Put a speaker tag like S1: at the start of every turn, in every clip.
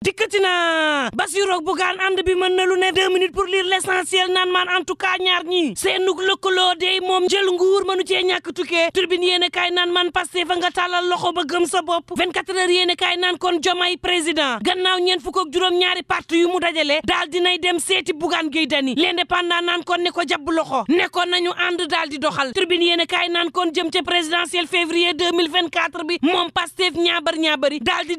S1: dikkati na Bassirou Bougane ànd bi mën na lu ne deux minutes pour lire l'essentiel naan maan en tout cas ñaar ñi seenug lëkkaloo dey moom jël nguur mënu cee ñàkk tukkee turbine yéen a kaay naan maan Pastef fa nga tàllal loxo ba gëm sa bopp 24 a kaay naan kon Diomaye président gannaaw ñeen fukk ak juróom ñaari parti yu mu dajale daal dinay dem seeti Bougane Gueye Dany l'indépendant naan kon ne ko jabb loxo nekkoon nañu ànd daal di doxal turbine yéen a kaay naan kon jëm ca moom Pastef ñaabar ñaabari daal di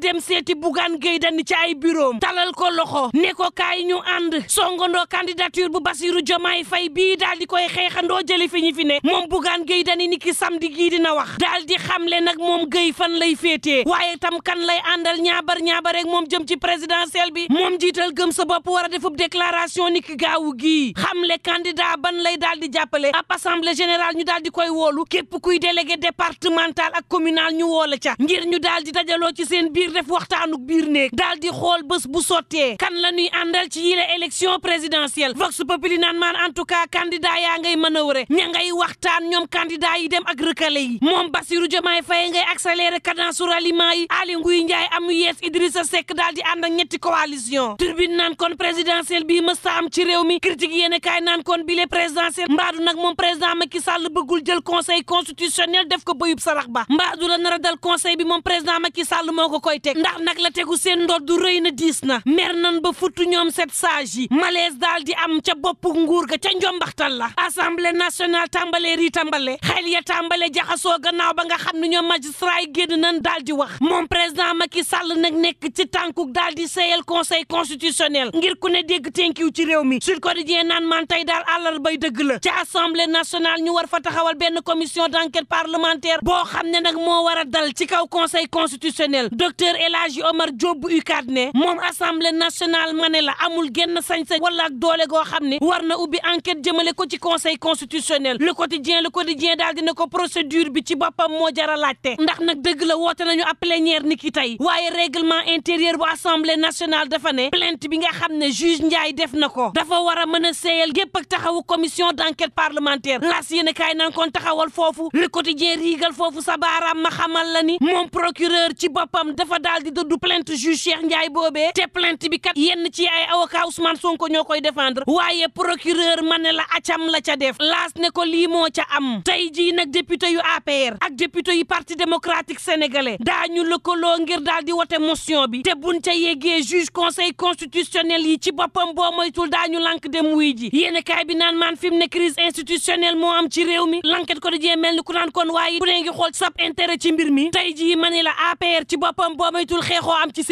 S1: bureau talal ko loxo ne ko kaay ñu ànd songandoo candidature bu Bassirou Diomaye fay bii daal di koy xeexandoo jëli fi ñi fi ne moom Bougane Gueye Dany ni sam di gii dina wax daal di le nag moom Gueye fan lay féetee waaye tam kan lay àndal ñaabar ñaabar rek moom jëm ci présidentielle bi moom jiital gëm sa bopp war a defub déclaration ni ki gaawu gii xamle candidat ban lay daal di jàppale ab assemblée générale ñu daal di koy woolu képp kuy délégué départemental ak communal ñu woola ca ngir ñu daal di dajaloo ci seen biir def waxtaanu xool bés bu sottee kan la ñuy àndal ci yile élection présidentielle vox populi naan maan en tout yaa ngay manœuvrer ña waxtaan ñoom candidat yi dem ak rëkkale yi moom Bassirou Diomaye Faye ngay accélérer cadence ralliement yi Aly Ngouille amu yees Idrissa Seck daal di ànd ak ñetti coalition tribune naan kon présidentielle bii mës ta am mi critique yéen kaay naan kon bile présidentielle mbaadu nag moom président Macky Sall bëggul jël conseil constitutionnel def a dal bi moom président Macky Sall moo ko rëy na diis na mer nan ba futtu ñoom sept sages yi malaise daal di am ca bopp nguur ga ca njombaxtal la assemblée nationale tàmbalee rii tàmbale xel ya tàmbale jaxasoo ba nga xam ne ñoom magistrat yi génn nan daal di wax moom président Macky Sall nag nekk ci tànkuk daal di seeyal conseil constitutionnel ngir ku ne dégg tenkiw ci réew mi Sud Quotidien naan man tey daal àllar bay dëgg la ci assemblée nationale ñu war fa taxawal benn commission d' enquête parlementaire boo xam ne nag moo war a dal ci kaw conseil constitutionnel docteur ne moom assemblée nationale ma ne la amul genn sañ-sañ wala ak doole goo xam ne war na ubbi enquête jëmale ko ci conseil constitutionnel le quotidien le quotidien daal dina ko procédure bi ci boppam moo jara laajte ndax nag dëgg la woote nañu a plénière ni ki tey waaye règlement intérieur bu assemblée nationale dafa ne plainte bi nga xam ne juge Ndiaye def na ko dafa war a mën a seeyal gépp ak taxawu commission d' enquête parlementaire las yéen kaay nan kon taxawal foofu le quotidien riigal sa baaraam ma xamal la ci boppam dafa daal di dëddu boobee te plainte bi kat yenn ci ay avocat man Sonko ñoo koy défendre waaye procureur ma ne la acam la ca def laas ne ko lii moo ca am tey jii nag député yu APR ak député yu parti démocratique sénégalais daañu lëkkaloo ngir daal di wote motion bi te buñ ca yeggee juge conseil constitutionnel yi ci boppam boo moytul daañu lank dem wuy ji yéen kaay bi naan maan fi mu ne crise institutionnelle moo am ci réew mi lanket ko dajee mel ni ku naan kon waaye bu nee ci mbir mi tey jii ma la APR ci boppam boo moytul am ci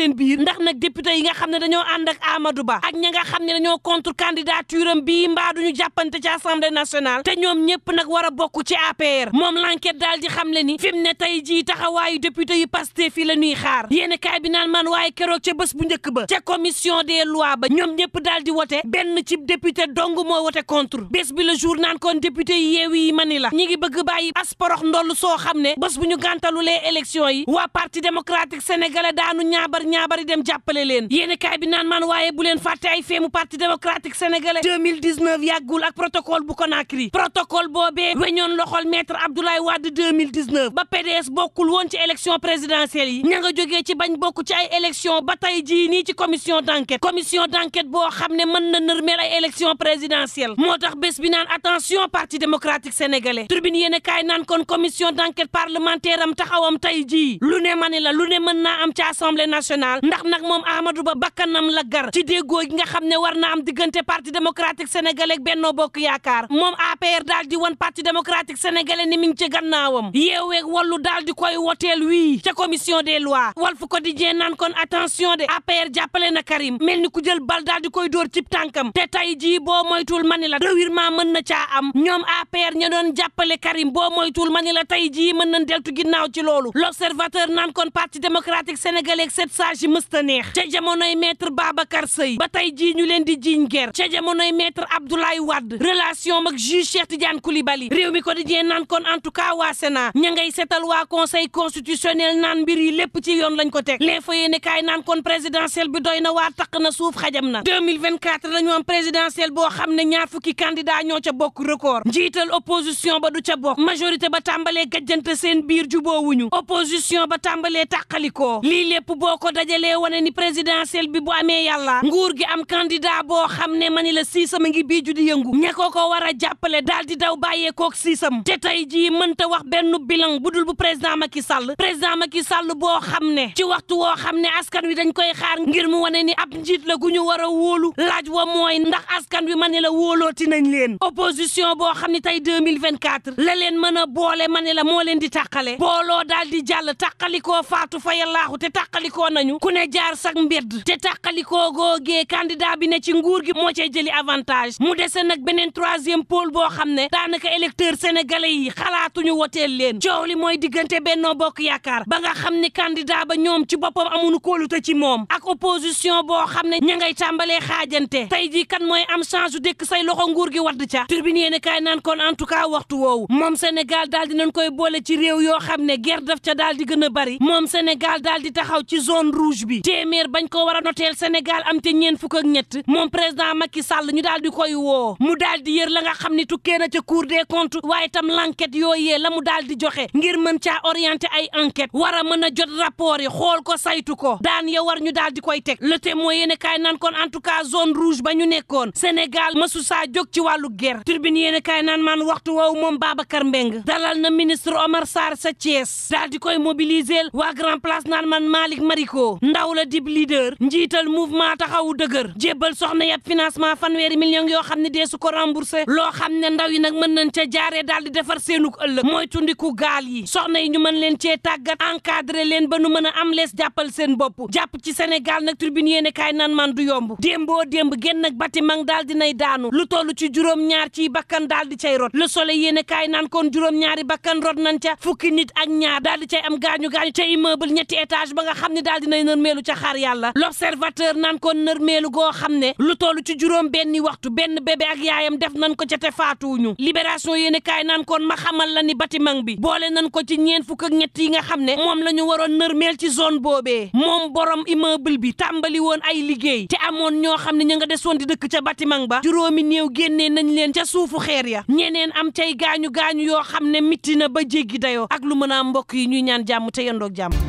S1: nag député nga xam ne dañoo ànd ak Amadou Ba ak ña nga xam ne dañoo contre candidature am bii mbaa duñu jàppante ci assemblée nationale te ñoom ñëpp nag war a bokk ci APR moom l'enquête daal di xam le ni fi mu ne tey jii taxawaayu député yu Pastef fii la nuy xaar yéen kaay bi naan man waaye keroog ca bés bu njëkk ba ca commission des ba ñoom ñëpp daal di wote benn ci député dong moo wote contre bés bi le jour naan kon député yi yeewi yi mani la ñi ngi bëgg bàyyi asporox ndoll soo xam ne bés bu ñu gàntalulee élection yi waa parti démocratique sénégalais daanu ñaabar ñaabari dem jàpp jàppale leen yéen kaay bi naan maan waaye bu leen fàtte ay feemu parti démocratique sénégalais 2019 yàggul ak protocole bu Conakry protocole boobee weñoon loxol maître Abdoulaye Wade 2019 ba PDS bokkul woon ci élection présidentielle yi ña nga ci bañ bokk ci ay élection ba tey jii nii ci commission d'enquête commission d'enquête boo xam ne mën na nërmeel ay élection présidentielle moo tax bés bi naan attention parti démocratique sénégalais tribune yéen a kaay naan kon commission d'enquête parlementaire am taxawam tey jii lu ne ma ne la lu ne mën naa am ci assemblée nationale ndax nag moom Amadou Ba bakkanam la gar ci déggoo gi nga xam ne war na am diggante parti démocratique sénégalais ak Benno Bokk Yaakaar moom APR daal di wan parti démocratique sénégalais ni mi ngi ci gannaawam yeeweeg wallu daal di koy woteel wii ca commission des lois Walf Quotidien nan kon attention de APR jàppale na Karim mel ni ku jël bal daal di koy dóor cib tànkam te tey jii boo moy moytuwul mani la revirement mën na caa am ñoom APR ña doon jàppale Karim boo moytuwul mani la tey jii mën nañ deltu ginnaaw ci loolu l'observateur naan kon parti démocratique sénégalais ak sept sages yi mëstanee neex ca jamonoy maître Babacar Seye ba tey jii ñu leen di jiiñ ger ca jamonoy maître Abdoulaye Wade relation mag juge Cheikh Tidiane Koulibaly réew mi quotidien naan kon en tout cas waa Sénat ña ngay seetal waa conseil constitutionnel naan mbir yi lépp ci yoon lañ ko teg l'info yéene kaay naan kon présidentiel bi doy na waa taq na suuf xajam na 2024 la ñu am présidentiel boo xam ne ñaar fukki candidat ca bokk record njiital opposition ba du ca bokk majorité ba tàmbalee seen biir juboowuñu opposition ba tàmbalee tàqalikoo lii lépp ne ni présidentielle bi bu amee yàlla nguur gi am candidat boo xam ne ma ni la siisam a ngi bii ju di yëngu ña ko ko war a jàppale daal di daw bàyyeekook siisam te tey jii mënta wax benn bilan bu dul bu président Macky Sall président Macky Sall boo xam ne ci waxtu woo xam ne askan wi dañ koy xaar ngir mu wane ni ab njiit la gu ñu war a wóolu laaj wa mooy ndax askan wi ma ne la wóolooti nañ leen opposition boo xam ne tey 2024 la leen mën a boole ma la moo leen di tàqale booloo daal di jàll tàqalikoo faatu fa yallaaxu te aar sax mbedd te tàqalikoo googee candidat bi ne ci nguur gi moo cee jëli avantage mu dese nag beneen troisième pôle boo xam ne daanaka électeur sénégalais yi xalaatuñu woteel leen coow li mooy diggante Benno Bokk Yaakaar ba nga xam ne candidat ba ñoom ci boppam amuñu kóolute ci moom ak opposition boo xam ne ña ngay tàmbalee xaajante tey jii kan mooy am chance su dëkk say loxo nguur gi wadd ca tribune yéen kaay naan kon en tout waxtu woowu moom Sénégal daal dinañ koy boole ci réew yoo xam ne guerre daf ca daal di gën a bari moom Sénégal daal di taxaw ci zone rouge bi téeméer bañ ko war a noteel Sénégal am ca ñeen fukk ak ñett moom président Macky Sall ñu daal di koy woo mu daal di yër la nga xam ni tukkee na ca cour des comptes waaye tam l'enquête yooyee la mu daal di joxe ngir mën ca orienté ay enquête war a mën a jot rapport yi xool ko saytu ko daan ya war ñu daal di koy teg le témoin yéen kaay naan kon en tout cas zone rouge ba ñu nekkoon Sénégal masu sa jóg ci wàllu ger turbine yéen kaay naan maan waxtu waw moom Babacar Mbeng dalal na ministre Omar sa Thiès daal koy mobiliser waa grand man Malick Mariko dib leader njiital mouvement taxawu dëgër jébbal soxna yab financement fanweeri millions yoo xam ne dee su ko remboursé loo xam ne ndaw yi nag mën nañ ca jaaree daal di defar seenuk ëllëg mooy tundiku gaal yi soxna yi ñu mën leen cee tàggat encadré leen ba nu mën a am lees jàppal seen bopp jàpp ci Sénégal nag tribune yéene kaay naan man du yomb démboo démb genn ak bati mang daal di nay daanu lu toll ci juróom-ñaar ci bakkan daal di cay rot le soleil yéene kaay naan kon juróom-ñaari bakkan rot nañ nit ak ñaar daal di cay am ba nga xam ne daal xaar yàlla l'observateur naan ko nërmeelu goo xam ne lu toll ci juróom benni waxtu benn bébé ak yaayam def nañ ko ca te ñu libération yéene kaay naan koon ma xamal la ni bi boole nañ ko ci ñeen fukk ak ñett yi nga xam ne moom la ñu waroon nërmeel ci zone boobee moom borom immeuble bi tàmbali woon ay liggéey ci amoon ñoo xam ne ña nga desoon di dëkk ca bâtiment ba juróomi néew génnee nañ leen ca suufu xeer ya ñeneen am cay gaañu gaañu yoo xam ne mitti na ba jéggi dayoo ak lu mën a mbokk yi ñuy ñaan jàmm te yendoog jàmm